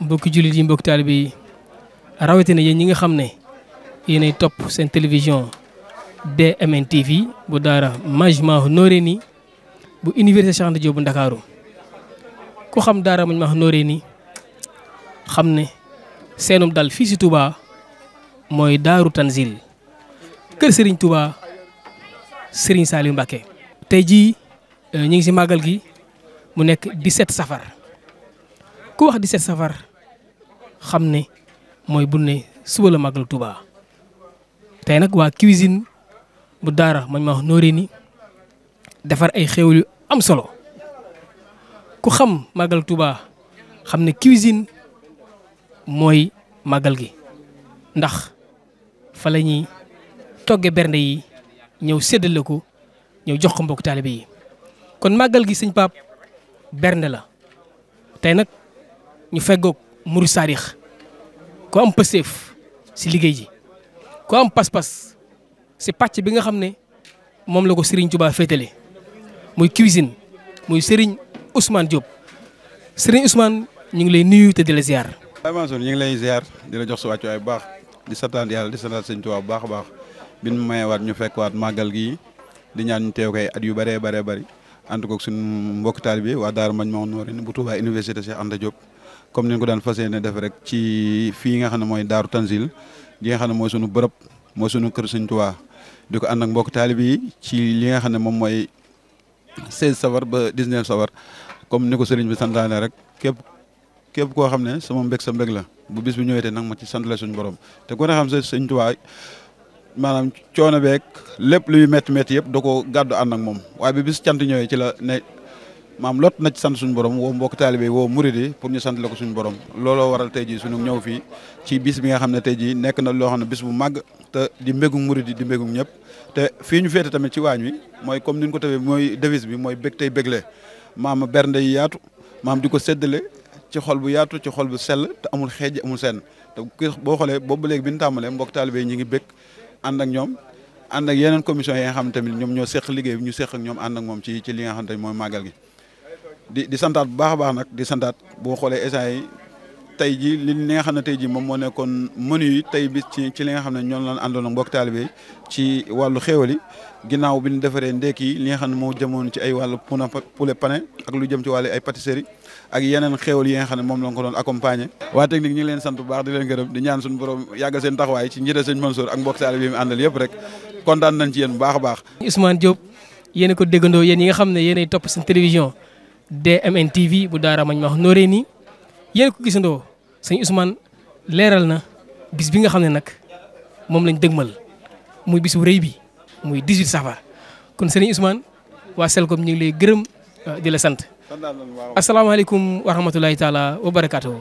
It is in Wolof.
mbokki jullit yi mbokki taalibe yi rawatina yéen ñi nga xam ne yéenay topp seen télévision DMN TV bu daara Majmahun Nurayni bu université Cheikh Anta bu Ndakaaru ku xam daara Majmahun Nurayni xam ne seenum dal fii si Touba mooy daaru Tanzil kër Serigne Touba Serigne Saliou Mbacké. tey jii euh, ñu ngi si màggal gi mu nekk 17 safar ku wax 17 safar. xam ne mooy bu ne suba la màggal Touba tey nag waa cuisine bu daara mañ ma wax ni defar ay xéwal am solo ku xam màggal Touba xam ne cuisine mooy màggal gi ndax fa la ñuy togge bernde yi ñëw séddale ko ñëw jox ko mbokk taalibe yi kon màggal gi sëñ Pape bernde la tey nag ñu feggoog muru saarix ku am pëseef si liggéey ji ku am pas-pas si pàcc bi nga xam ne moom la ko Serigne Touba féetale muy cuisine muy Serigne Ousmane Diop Serigne Ousmane ñu ngi lay nuyu te di la ziar. waaye Mansour ñu ngi lay ziar di la jox sa wàccuwaay bu baax di santaat yàlla di santaat Serigne Touba bu baax a baax bi gi di ñaan ñu teew kay at yu bare bare. bëri ànd koog suñu mbokk taalibe waa Daara Majmahun Nurayni bu Touba université Cheikh Anta Diop. comme ni ko daan fas yéene def rek ci fii nga xam ne mooy Daaru Tanzil gi nga xam ne mooy sunu bërëb mooy sunu kër Sëñ Tuubaa di ko ànd ak mbokk taalib yi ci li nga xam ne moom mooy 16 safar ba 19 safar comme ni ko sëriñ bi santaane rek képp képp koo xam ne sama mbég sa mbég la bu bis bi ñëwetee nag ma ci sant la suñu borom te ku xam sa Sëñ Tuubaa maanaam coono beeg lépp luy métti métti yëpp da koo gàddu ànd moom waaye bi bis cant ñëwee maam lot na ci sant suñu borom woo mbokk taalibe yi woo murid yi pour ñu sant la ko suñu looloo waral tey jii suñu ñëw fii ci bis bi nga xam ne tey jii nekk na loo xam ne bis bu màgg te di mbégum murid yi di ñëpp te fii ñu féete tamit ci waañ wi mooy comme ni ñu ko tawee mooy devise bi mooy bég tey bégle maam bernde yi yaatu maam di ko séddale ci xol bu yaatu ci xol bu sell te amul xeej amul senn te boo xoolee boobu ba léegi bi ñu tàmbalee mbokk taalibe yi ñu ngi bég ànd ak ñoom ànd ak yeneen commission yi nga xam ne tamit ñoom ñoo seq liggéey ñu seq ak ñoom ànd ak moom ci ci xam ne mooy màggal gi di di santaat bu baax a baax nag di santaat boo xoolee essence yi tey jii li li nga xam ne tey jii moom moo nekkoon menu yi tey bis ci ci li nga xam ne ñoom la ñu àndoon ak mbokk taalibe ci wàllu xéewal yi ginnaaw bi ñu defaree ndékki yi li nga xam ne moo jëmoon ci ay wàllu ak lu jëm ci wàllu ay pâtisserie ak yeneen xéewal yi nga xam ne moom la ko doon accompagner. waa leen sant bu baax di leen gërëm di ñaan suñu borom yàggal seen taxawaay ci njiite sëñ Mansour ak mbokk taalibe yi yëpp rek kontaan nañ ci yéen bu baax a baax. Ousmane Diop yéen a ko déggandoo yéen nga xam ne yéenay topp DMN TV bu Daara Mañ ma wax nooree nii yéen ko gisandoo sëñ Ousmane leeral na bis bi nga xam ne nag moom lañ dëgmal muy bis bu rëy bi muy 18 safar kon sëñ Ousmane waa sel Selcom ñu ngi lay gërëm di la sant. asalaamaaleykum wa rahmatulahi taala wa barakaatu.